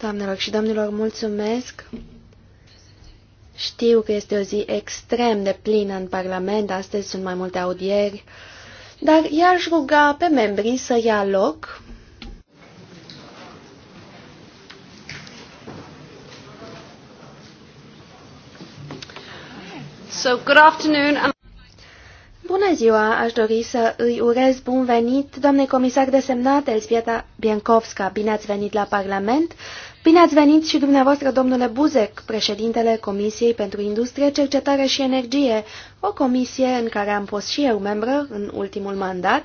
Doamnelor și domnilor, mulțumesc. Știu că este o zi extrem de plină în Parlament, astăzi sunt mai multe audieri, dar i-aș ruga pe membrii să ia loc. So, good afternoon. Bună ziua! Aș dori să îi urez bun venit, doamnei comisar desemnat Elzbieta Biencovska. Bine ați venit la Parlament! Bine ați venit și dumneavoastră, domnule Buzek, președintele Comisiei pentru Industrie, Cercetare și Energie, o comisie în care am fost și eu membră în ultimul mandat.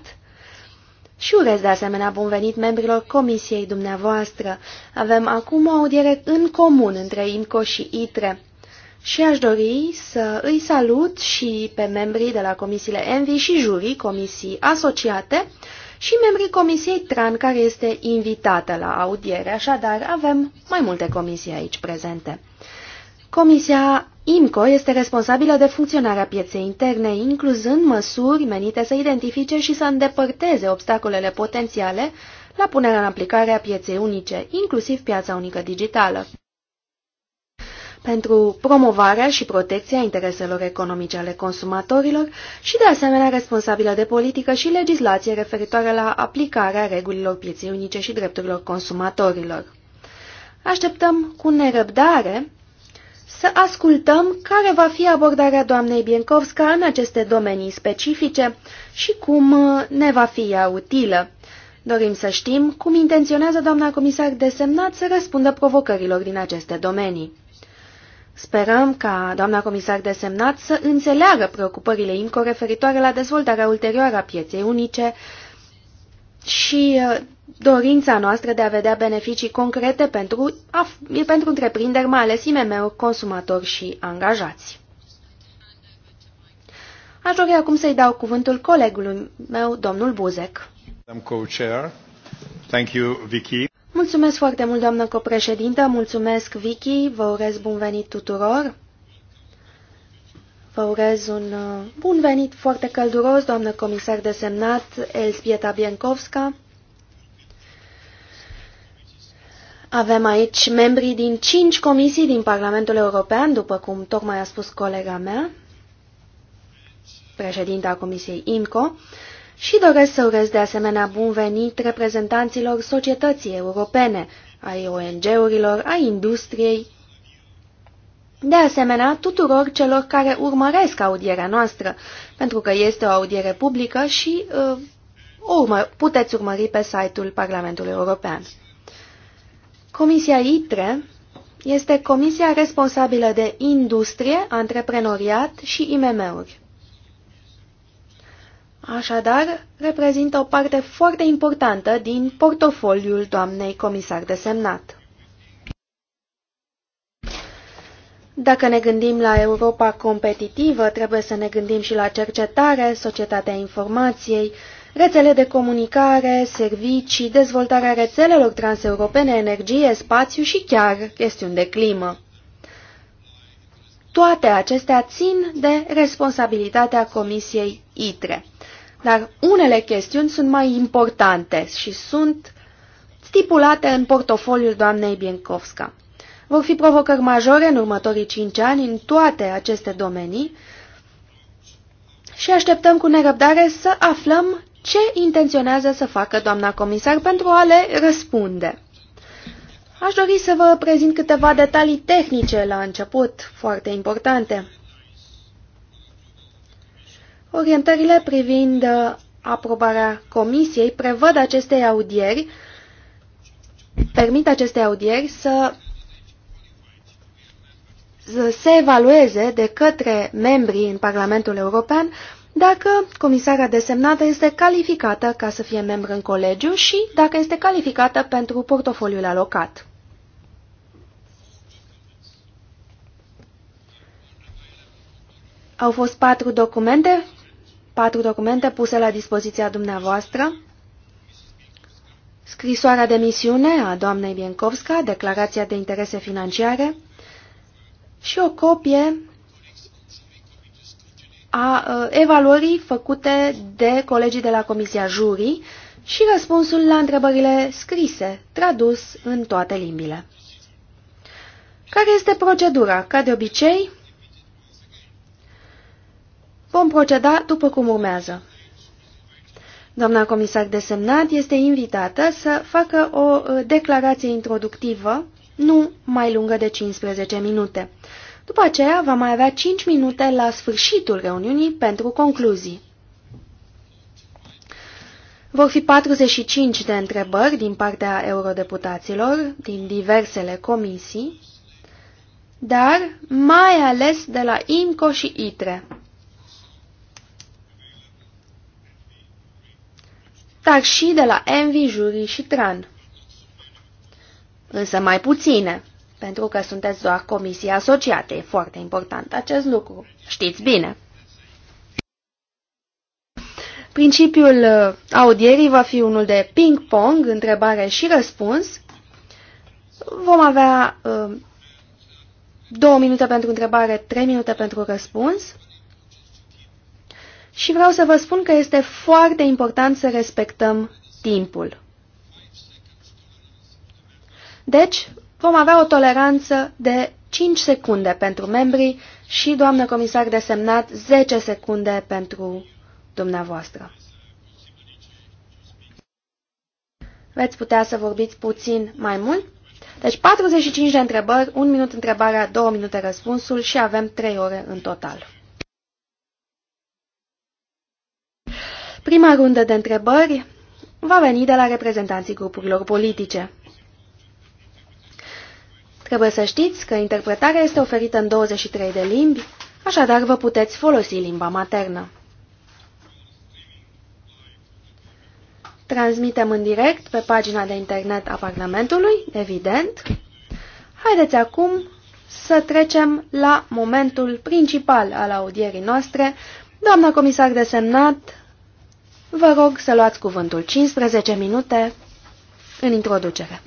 Și urez de asemenea bun venit membrilor comisiei dumneavoastră. Avem acum o audiere în comun între IMCO și ITRE și aș dori să îi salut și pe membrii de la comisiile Envi și jurii, comisii asociate, și membrii comisiei TRAN, care este invitată la audiere, așadar avem mai multe comisii aici prezente. Comisia IMCO este responsabilă de funcționarea pieței interne, incluzând măsuri menite să identifice și să îndepărteze obstacolele potențiale la punerea în aplicare a pieței unice, inclusiv piața unică digitală pentru promovarea și protecția intereselor economice ale consumatorilor și, de asemenea, responsabilă de politică și legislație referitoare la aplicarea regulilor pieței unice și drepturilor consumatorilor. Așteptăm cu nerăbdare să ascultăm care va fi abordarea doamnei Biencovska în aceste domenii specifice și cum ne va fi ea utilă. Dorim să știm cum intenționează doamna comisar desemnat să răspundă provocărilor din aceste domenii. Sperăm ca doamna comisar desemnat să înțeleagă preocupările IMCO referitoare la dezvoltarea ulterioară a pieței unice și uh, dorința noastră de a vedea beneficii concrete pentru, pentru întreprinderi, mai ales IMM-uri, consumatori și angajați. Aș dori acum să-i dau cuvântul colegului meu, domnul Buzek. Thank you, Vicky. Mulțumesc foarte mult, doamnă copreședintă, mulțumesc, Vicky, vă urez bun venit tuturor. Vă urez un uh, bun venit foarte călduros, doamnă comisar desemnat Elspieta Biencovska. Avem aici membrii din cinci comisii din Parlamentul European, după cum tocmai a spus colega mea, președinta Comisiei IMCO, și doresc să urez de asemenea bun venit reprezentanților societății europene, ai ONG-urilor, ai industriei, de asemenea tuturor celor care urmăresc audierea noastră, pentru că este o audiere publică și uh, o urmă, puteți urmări pe site-ul Parlamentului European. Comisia ITRE este comisia responsabilă de industrie, antreprenoriat și IMM-uri. Așadar, reprezintă o parte foarte importantă din portofoliul doamnei comisar desemnat. Dacă ne gândim la Europa competitivă, trebuie să ne gândim și la cercetare, societatea informației, rețele de comunicare, servicii, dezvoltarea rețelelor transeuropene, energie, spațiu și chiar chestiuni de climă. Toate acestea țin de responsabilitatea Comisiei ITRE. Dar unele chestiuni sunt mai importante și sunt stipulate în portofoliul doamnei Biencovska. Vor fi provocări majore în următorii cinci ani în toate aceste domenii și așteptăm cu nerăbdare să aflăm ce intenționează să facă doamna comisar pentru a le răspunde. Aș dori să vă prezint câteva detalii tehnice la început, foarte importante. Orientările privind uh, aprobarea comisiei prevăd acestei audieri, permit acestei audieri să, să se evalueze de către membrii în Parlamentul European dacă comisarea desemnată este calificată ca să fie membru în colegiu și dacă este calificată pentru portofoliul alocat. Au fost patru documente patru documente puse la dispoziția dumneavoastră. Scrisoarea de misiune a doamnei Bienkovska, declarația de interese financiare și o copie a uh, evaluării făcute de colegii de la Comisia Jurii și răspunsul la întrebările scrise, tradus în toate limbile. Care este procedura? Ca de obicei, Vom proceda după cum urmează. Doamna comisar desemnat este invitată să facă o uh, declarație introductivă, nu mai lungă de 15 minute. După aceea va mai avea 5 minute la sfârșitul reuniunii pentru concluzii. Vor fi 45 de întrebări din partea eurodeputaților din diversele comisii, dar mai ales de la IMCO și ITRE. dar și de la Envy, Jury și Tran. Însă mai puține, pentru că sunteți doar comisii asociate. E foarte important acest lucru. Știți bine. Principiul uh, audierii va fi unul de ping-pong, întrebare și răspuns. Vom avea uh, două minute pentru întrebare, trei minute pentru răspuns și vreau să vă spun că este foarte important să respectăm timpul. Deci, vom avea o toleranță de 5 secunde pentru membrii și, doamnă comisar desemnat, 10 secunde pentru dumneavoastră. Veți putea să vorbiți puțin mai mult? Deci 45 de întrebări, 1 minut întrebarea, 2 minute răspunsul și avem 3 ore în total. Prima rundă de întrebări va veni de la reprezentanții grupurilor politice. Trebuie să știți că interpretarea este oferită în 23 de limbi, așadar vă puteți folosi limba maternă. Transmitem în direct pe pagina de internet a Parlamentului, evident. Haideți acum să trecem la momentul principal al audierii noastre. Doamna comisar desemnat, Vă rog să luați cuvântul 15 minute în introducere.